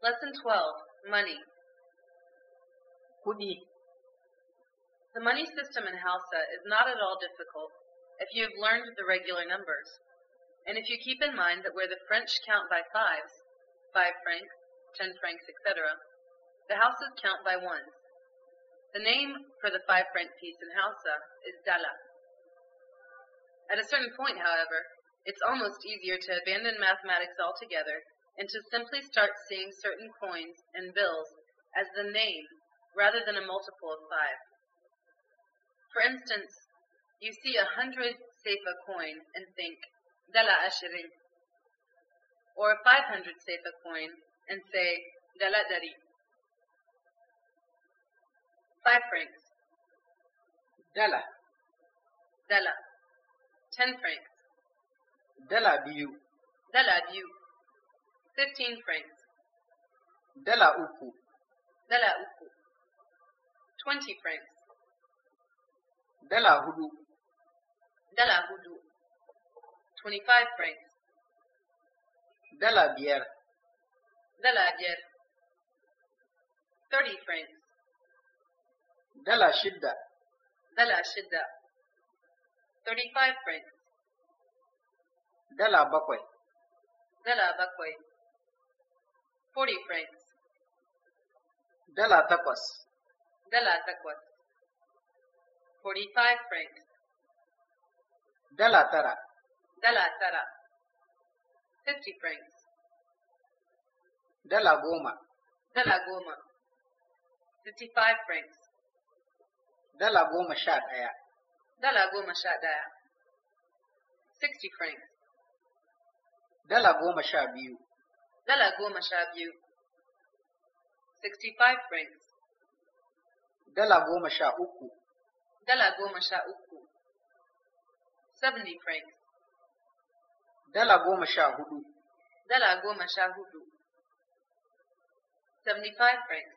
Lesson 12 Money. The money system in Hausa is not at all difficult if you have learned the regular numbers, and if you keep in mind that where the French count by fives, five francs, ten francs, etc., the houses count by ones. The name for the five franc piece in Hausa is dala. At a certain point, however, it's almost easier to abandon mathematics altogether and to simply start seeing certain coins and bills as the name rather than a multiple of five. For instance, you see a hundred sepa coin and think, Dala ashirin, or a 500 sepa coin and say, Dala dari, five francs, Dala. Dala, ten francs, Dala biu. Dala biu. 15 francs. Dala uku. Dala uku. 20 francs. Dala hudu. Dala hudu. 25 francs. Della bière. Della bière. 30 francs. Della shidda. Della shidda. 35 francs. Della bakwai. Dala bakwai. 40 francs. De la tapas. De la tapas. 45 francs. De la tara. De la tara. 50 francs. De la goma. De la goma. 55 francs. De la goma sha daya. De la goma sha 60 francs. De la goma shabiu. Dala goma sha biyu. francs. Dala goma sha uku. Dala goma sha uku. francs. Dala goma sha hudu. Dala goma sha hudu. francs.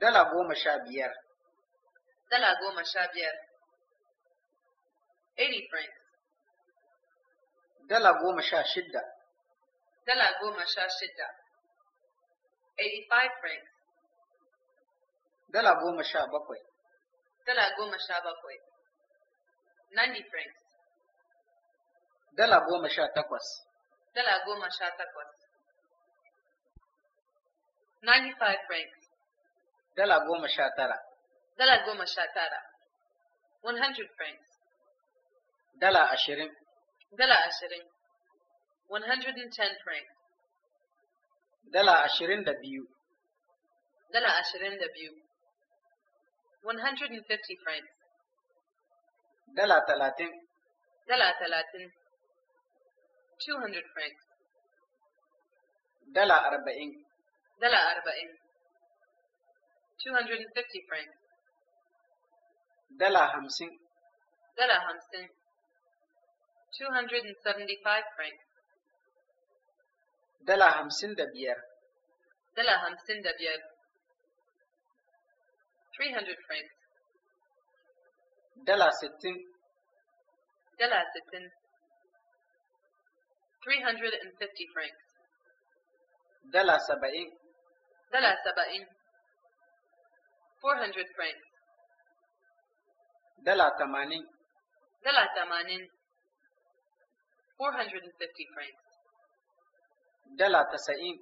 Dala goma sha biyar. Dala goma sha biyar. francs. Dala goma sha shidda. dala goma sha shida, 85 francs. Dala goma sha bakwai. Dala goma sha bakwai, 90 francs. Dala goma sha takwas. Dala goma sha takwas. 95 francs. Dala goma sha tara. Dala goma sha tara. 100 francs. Dala ashirin. Dala ashirin. 110 francs. Dala ashirin da biyu. Dala ashirin da biyu. 150 francs. Dala talatin. Dala talatin. 200 francs. Dala arba'in. Dala arba'in. 250 francs. Dala hamsin. Dala hamsin. 275 francs. Dala hamsin da biyar. Dala hamsin da biyar. 300 francs. Dala sittin. Dala sittin. 350 francs. Dala saba'in. Dala saba'in. 400 francs. Dala tamanin. Dala tamanin. 450 francs. Dala tasa'in.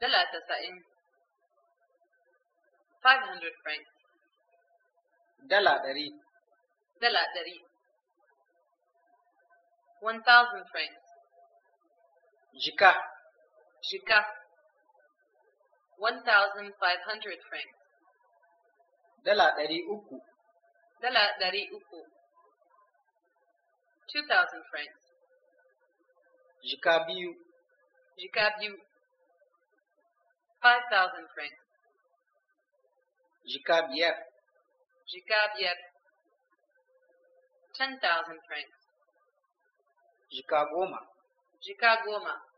Dala tasa'in. 500 francs. Dala dari. Dala dari. 1000 francs. Jika. Jika. 1500 francs. Dala dari uku. Dala dari uku. 2000 francs. Jika biyu. You got you 5,000 francs. Jikabiev. Jikabiev. 10,000 francs. Jikagoma. Jikagoma.